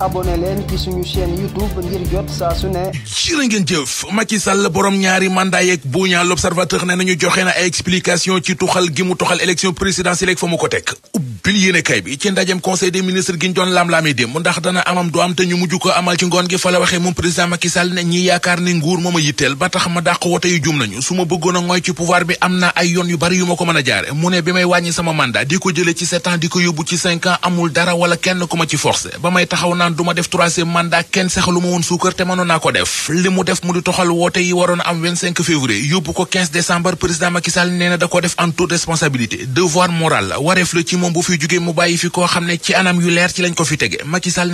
abonné leen ci suñu chaîne YouTube ngir jot saa su ne. jërë ngeen jëf Macky Sall borom ñaari mandat yeeg buña l'observateur ne nañu joxe na ay explication ci tuxal gi mu tuxal élection présidentielle ak fa mu ko teg. bil yéene kay bi ci ndajem conseil des ministres gi ñu doon laam-laamee démb ndax dana amam du am te ñu mujj ko amal ci ngoon gi fa la waxee moom président Macky Sall ne ñi yaakaar ne nguur mooma yitteel ba tax ma dàq wote yu jum nañu su ma a na ay yoon yu bari yu ma ko mën a jaare mu ne bi may wàññi ko jëlee ci sept ans di ko yóbbu ci cinq ans ma ci forcé ba may taxaw naa naan def troisième mandat kenn saxalu ma woon suukar te mënoon ko def li mu def mu di toxal woote yi waroon am février yóbbu ko 15 président Macky nee na da ko def en toute responsabilité devoir ne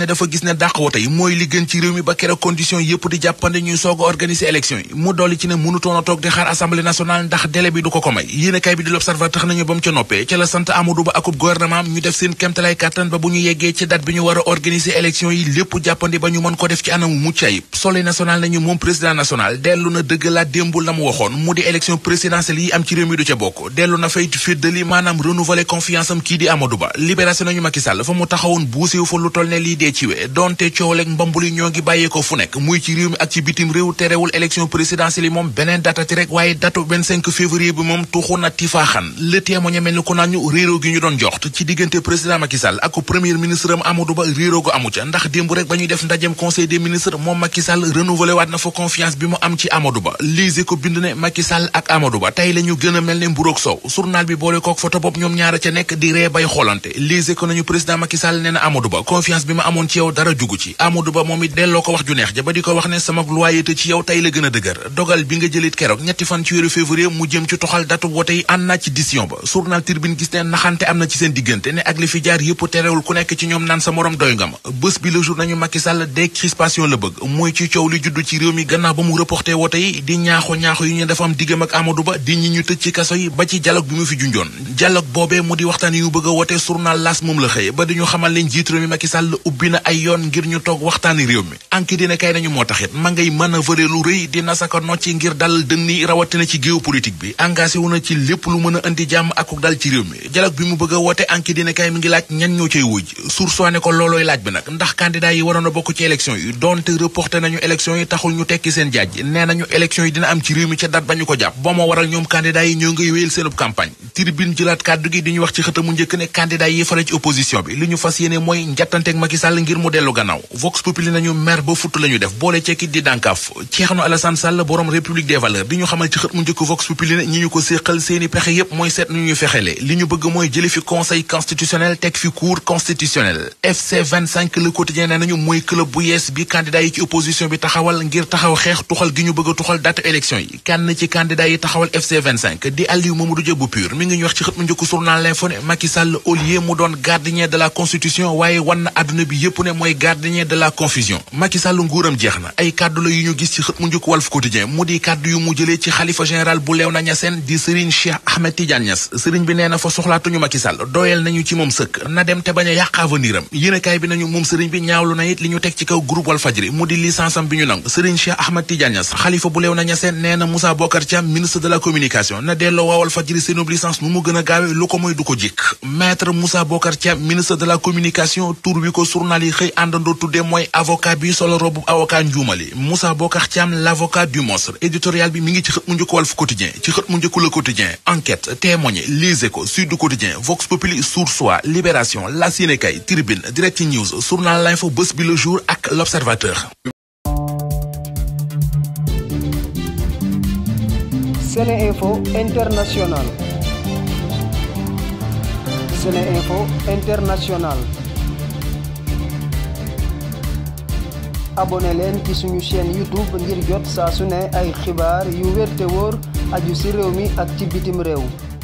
dafa gis ne dàq woote yi mooy li ci réew mi ba keroog condition yëpp di jàppande ñuy soog organiser élection mu dolli ci ne mënutoon a di xaar assemblée nationale ndax délai bi du ko ko may bi di l'observateur nañu ba ca noppee ca élection yi lépp jàppandi ba ñu mën ko def ci anamu mucc ayib Soleil national nañu moom fa mu taxawoon buusiwu fa lu toll ne lii dee ci we donte coowleeg mbambul yi ñoo ngi bàyyee fu nekk muy ci réew mi ak ci bitim réew terewul élection présidentielle yi moom beneen data rek waaye datu 25 bi moom tuxu na tifaaxan le témoigne mel ni ko réeroo gi ñu doon joxt ci diggante président Macky ak premier ministre am Amadou Ba réeroo gu amu ca ndax démb ba ñuy na fa confiance bi mu amoon ci yow dara jugu ci Amadou Ba moom it delloo ko wax ju neex ja ba di ko wax ne sama loyauté ci yow tey la gën a dëgër dogal bi nga jëlit keroog ñetti fan ci wéeru février mu jëm ci toxal datu wote yi ànd naa ci décision ba journal Tribune gis ne naxante am na ci seen diggante ne ak li fi jaar yëpp terewul ku nekk ci ñoom naan sa morom doy nga ma bi le jour nañu Macky Sall décrispation la bëgg mooy ci coow li juddu ci réew mi gannaaw ba mu reporté wote yi di ñaaxo ñaaxo yu ñu dafa am diggam ak Amadou Ba di ñu tëj ci kaso yi ba ci dialogue bi mu fi junjoon dialogue boobee mu di waxtaan yu bëgg a wote journal L'As moom la xëye ba di ñu xamal leen jiit réew mi Macky Sall ubbi na ay yoon ngir ñu toog waxtaani réew mi anki dina kay nañu moo taxit ma ngay manœuvrer lu rëy di nasaka nocci ngir dal dënni rawatina ci géopolitique bi engagé wu na ci lépp lu mën a indi jàmm akuk dal ci mi dialogue bi mu bëgg a wote anki dina kay mi ngi laaj ñan ñoo cay wuj source ne ko loolooy laaj bi nag ndax candidat yi waroon a bokk ci élection yi donte reporté nañu élection yi taxul ñu tekki seen jaaj nee nañu élection yi dina am ci réew mi ca date ba ñu ko jàpp ba moo waral ñoom candidat yi ñoo ngay wéyal seenub di ñu wax ci xëtamu njëkk ne candidat yi fare ci ñu fas yéene mooy mu dellu vox populi nañu mer ba futt la def boole cekkit di dànkaaf Thierno Alassane Sall borom république des valeurs di ñu xamal ci xët mu njëkk vox populi ne Quotidien nee bi candidat yi ci a tuxal date élection yi kenn ci candidat yi taxawal FC 25 di Aliou Mamadou Dia bu PUR mi ngi ñu wax ci xët mu njëkk journal L'Info ne Macky Sall au lieu mu doon gardien de la constitution waaye wan na àdduna bi yépp ne mooy gardien de la confusion Macky Sall nguuram jeex na ay kàddu la yu ñu gis ci xët mu njëkk Walf Quotidien mu di kàddu yu mu jëlee ci xalifa général bu Léona Niassène di Serigne Cheikh Ahmed Tidiane Niass Serigne bi nee fa soxlaatuñu Macky doyal nañu ci moom sëkk na dem te bañ a yàq aveniram bi nañu moom Serigne sëriñ bi ñaawlu na it li ñu teg ci kaw groupe Walfadjri mu di licence am bi ñu nangu sëriñ Cheikh Ahmad Tidiane Niass xalifa bu leew na ñaseen nee na Moussa Bocar ministre de la communication na delloo waa Walfadjri seenub licence nu mu gën a gaawe lu ko moy du ko jikk maître Moussa Bocar Thiam ministre de la communication tur wi ko journal yi xëy àndandoo tuddee mooy avocat bi solo robu avocat njuumali Moussa Bocar Thiam l'avocat du monstre éditorial bi mu A journal l'info bés ak l'observateur Sene Info International Sene Info leen ci suñu chaîne YouTube ngir jot saa su ne ay xibaar yu wér te aju ci réew mi ak ci bitim réew